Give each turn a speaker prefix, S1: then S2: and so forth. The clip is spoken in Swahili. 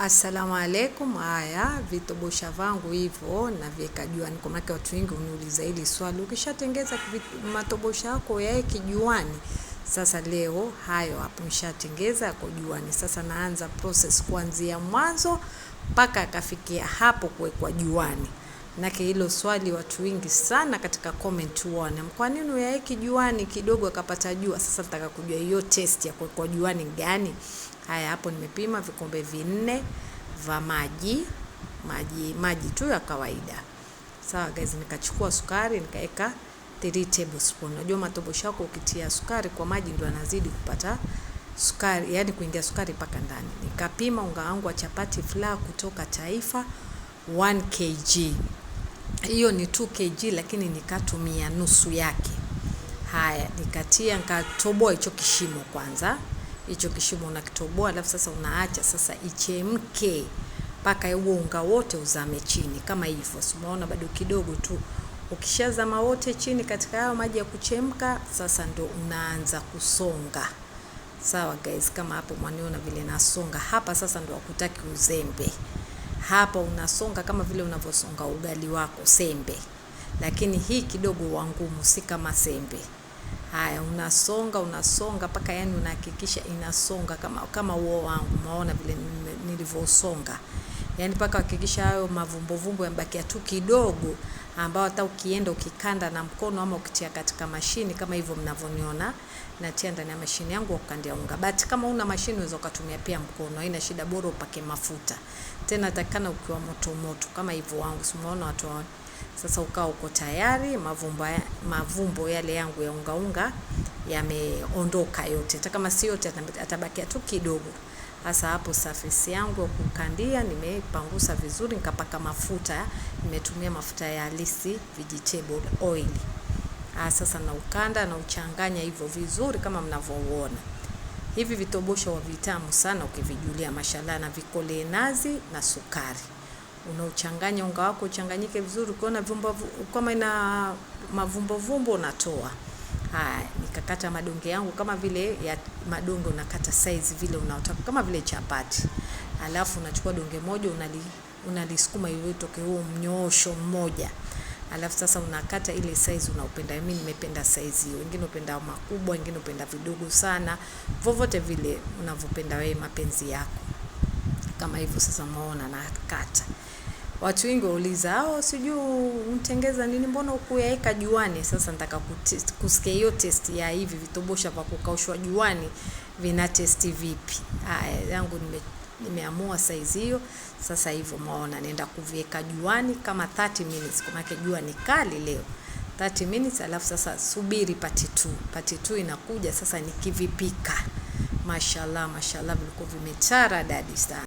S1: asalamu alaikum. Haya vitobosha vangu hivyo na juani, kwa maana watu wengi uniuliza hili swali. Ukishatengeza matobosha yako yae kijuani, sasa leo hayo hapo nishatengeza yako juani. Sasa naanza process kuanzia mwanzo mpaka akafikia hapo kuwekwa juani. Nake hilo swali watu wengi sana katika comment wana kwa nini uyaeki juani kidogo akapata jua. Sasa nataka kujua hiyo test ya kuwekwa juani gani? Haya, hapo nimepima vikombe vinne vya maji maji maji tu ya kawaida. Sawa guys, nikachukua sukari nikaweka 3 tablespoon. Unajua matobosha yako ukitia sukari kwa maji ndio anazidi kupata sukari, yani kuingia sukari mpaka ndani. Nikapima unga wangu wa chapati flour kutoka Taifa 1 kg. Hiyo ni 2 kg lakini nikatumia nusu yake. Haya, nikatia nikatoboa hicho kishimo kwanza hicho kishimo unakitoboa, alafu sasa unaacha sasa ichemke mpaka huo unga wote uzame chini kama hivyo. Si umeona bado kidogo tu. Ukishazama wote chini katika hayo maji ya kuchemka, sasa ndo unaanza kusonga. Sawa guys, kama hapo mwaniona vile nasonga hapa. Sasa ndo hakutaki uzembe hapa, unasonga kama vile unavyosonga ugali wako sembe, lakini hii kidogo wangumu, si kama sembe. Haya, unasonga unasonga mpaka yani unahakikisha inasonga kama kama uo wangu, maona vile nilivyosonga yani mpaka hakikisha hayo mavumbovumbo yamebakia tu kidogo, ambao hata ukienda ukikanda na mkono ama ukitia katika mashini kama hivyo mnavyoniona natia ndani ya mashini yangu kukandia unga. But kama una mashini unaweza ukatumia pia mkono, haina shida, bora upake mafuta. Tena takana ukiwa moto moto kama hivyo wangu, simuona watu sasa ukawa uko tayari, mavumba, mavumbo yale yangu ya ungaunga yameondoka yote, hata kama si yote atabakia tu kidogo. Sasa hapo surface yangu ya kukandia nimeipangusa vizuri, nikapaka mafuta. Nimetumia mafuta ya halisi vegetable oil. Ah, sasa na ukanda na uchanganya hivyo vizuri kama mnavyoona. Hivi vitobosho vitamu sana ukivijulia mashallah na vikole nazi na sukari unauchanganya unga wako uchanganyike vizuri, ukiona vumba kama ina mavumbo vumbo unatoa. Haya, nikakata madonge yangu kama vile ya madonge unakata size vile unaotaka kama vile chapati. Alafu unachukua donge moja unali unalisukuma ili utoke huo mnyoosho mmoja. Alafu sasa unakata ile size unaopenda. Mimi nimependa size hiyo. Wengine upenda makubwa, wengine upenda vidogo sana. Vovote vile unavyopenda wewe mapenzi yako kama hivyo. Sasa na nakata. Watu wengi wauliza hao, oh, sijui mtengeza nini, mbona ukuyaeka juani? Sasa nataka kusikia hiyo test ya hivi vitobosha vya kukaushwa juani vina test vipi? Haya yangu nime nimeamua size hiyo. Sasa hivyo maona, nenda kuviweka juani kama 30 minutes, kwa maana jua ni kali leo 30 minutes, alafu sasa subiri pati 2. Pati 2 inakuja sasa nikivipika. Mashallah, mashallah vilikuwa vimechara dadi sana.